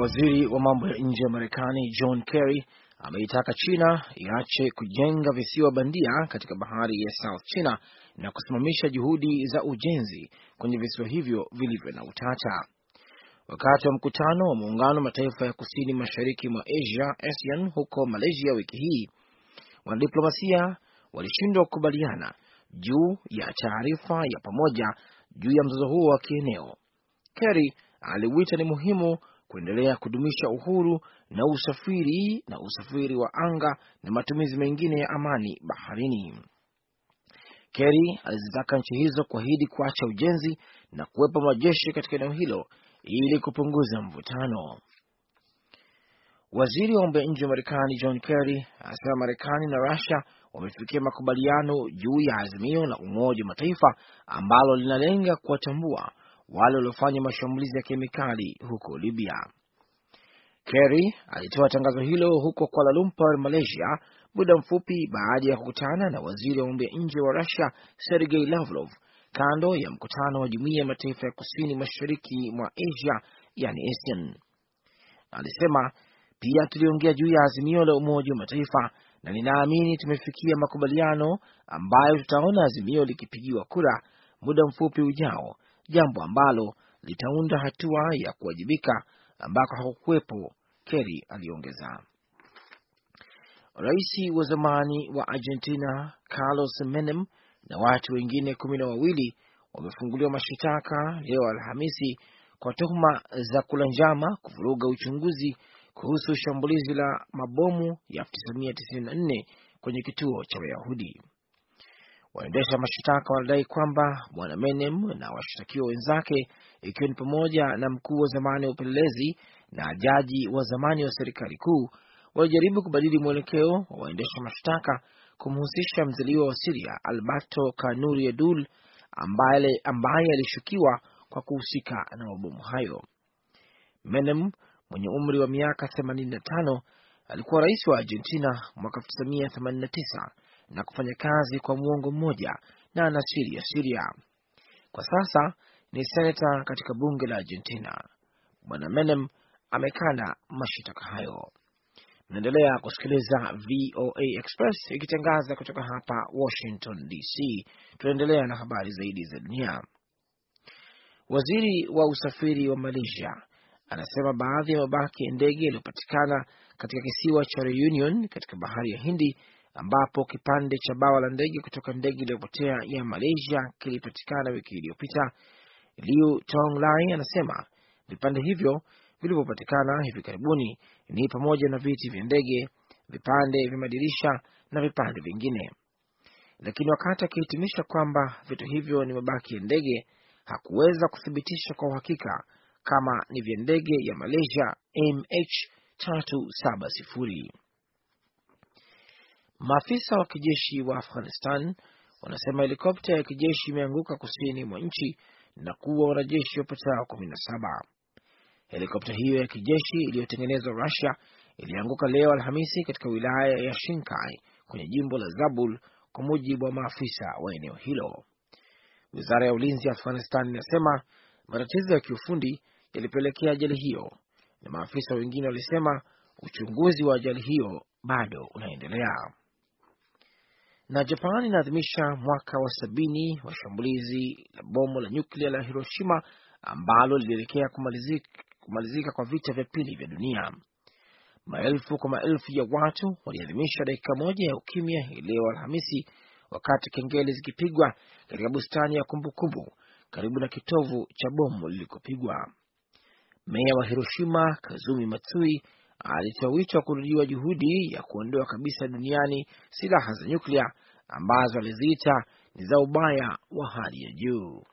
Waziri wa mambo ya nje ya Marekani John Kerry ameitaka China iache kujenga visiwa bandia katika bahari ya South China na kusimamisha juhudi za ujenzi kwenye visiwa hivyo vilivyo na utata. Wakati wa mkutano wa muungano mataifa ya kusini mashariki mwa Asia ASEAN huko Malaysia wiki hii, wanadiplomasia walishindwa kukubaliana juu ya taarifa ya pamoja juu ya mzozo huo wa kieneo. Kerry aliwita ni muhimu kuendelea kudumisha uhuru na usafiri na usafiri wa anga na matumizi mengine ya amani baharini. Kerry alizitaka nchi hizo kuahidi kuacha ujenzi na kuwepo majeshi katika eneo hilo ili kupunguza mvutano. Waziri wa mambo ya nje wa Marekani John Kerry anasema Marekani na Russia wamefikia makubaliano juu ya azimio la Umoja wa Mataifa ambalo linalenga kuwatambua wale waliofanya mashambulizi ya kemikali huko Libya. Kerry alitoa tangazo hilo huko Kuala Lumpur, Malaysia, muda mfupi baada ya kukutana na waziri wa mambo ya nje wa Russia Sergei Lavrov kando ya mkutano wa Jumuiya ya Mataifa ya Kusini Mashariki mwa Asia, yani ASEAN. Alisema pia, tuliongea juu ya azimio la Umoja wa Mataifa na ninaamini tumefikia makubaliano ambayo tutaona azimio likipigiwa kura muda mfupi ujao jambo ambalo litaunda hatua ya kuwajibika ambako hakukuwepo, Kerry aliongeza. Rais wa zamani wa Argentina Carlos Menem na watu wengine kumi na wawili wamefunguliwa mashitaka leo Alhamisi kwa tuhuma za kula njama kuvuruga uchunguzi kuhusu shambulizi la mabomu ya 1994 kwenye kituo cha Wayahudi. Waendesha mashtaka wanadai kwamba bwana Menem na washtakiwa wenzake, ikiwa ni pamoja na mkuu wa zamani wa upelelezi na jaji wa zamani wa serikali kuu, walijaribu kubadili mwelekeo wa waendesha mashtaka kumhusisha mzaliwa wa Siria Alberto Kanuri Edul ambaye, ambaye alishukiwa kwa kuhusika na mabomu hayo. Menem mwenye umri wa miaka 85 alikuwa rais wa Argentina mwaka 1989 na kufanya kazi kwa muongo mmoja na ana asili ya Siria. Kwa sasa ni senata katika bunge la Argentina. Bwana Menem amekana mashitaka hayo. Naendelea kusikiliza VOA Express ikitangaza kutoka hapa Washington DC. Tunaendelea na habari zaidi za dunia. Waziri wa usafiri wa Malaysia anasema baadhi ya mabaki ya ndege yaliyopatikana katika kisiwa cha Reunion katika bahari ya Hindi ambapo kipande cha bawa la ndege kutoka ndege iliyopotea ya Malaysia kilipatikana wiki iliyopita. Liu Tonglai anasema vipande hivyo vilivyopatikana hivi karibuni ni pamoja na viti vya ndege, vipande vya madirisha na vipande vingine, lakini wakati akihitimisha kwamba vitu hivyo ni mabaki ya ndege, hakuweza kuthibitisha kwa uhakika kama ni vya ndege ya Malaysia MH370. Maafisa wa kijeshi wa Afghanistan wanasema helikopta ya kijeshi imeanguka kusini mwa nchi na kuwa wanajeshi wapatao kumi na saba. Helikopta hiyo ya kijeshi iliyotengenezwa Rusia ilianguka leo Alhamisi katika wilaya ya Shinkai kwenye jimbo la Zabul, kwa mujibu wa maafisa wa eneo hilo. Wizara ya ulinzi ya Afghanistan inasema matatizo ya kiufundi yalipelekea ajali hiyo, na maafisa wengine walisema uchunguzi wa ajali hiyo bado unaendelea. Na Japan inaadhimisha mwaka wa sabini wa shambulizi la bomu la nyuklia la Hiroshima ambalo lilielekea kumalizika, kumalizika kwa vita vya pili vya dunia. Maelfu kwa maelfu ya watu waliadhimisha dakika moja ya ukimya leo Alhamisi, wakati kengele zikipigwa katika bustani ya kumbukumbu karibu na kitovu cha bomu lilikopigwa. Meya wa Hiroshima Kazumi Matsui alitoa wito wa kurudiwa juhudi ya kuondoa kabisa duniani silaha za nyuklia ambazo aliziita ni za ubaya wa hali ya juu.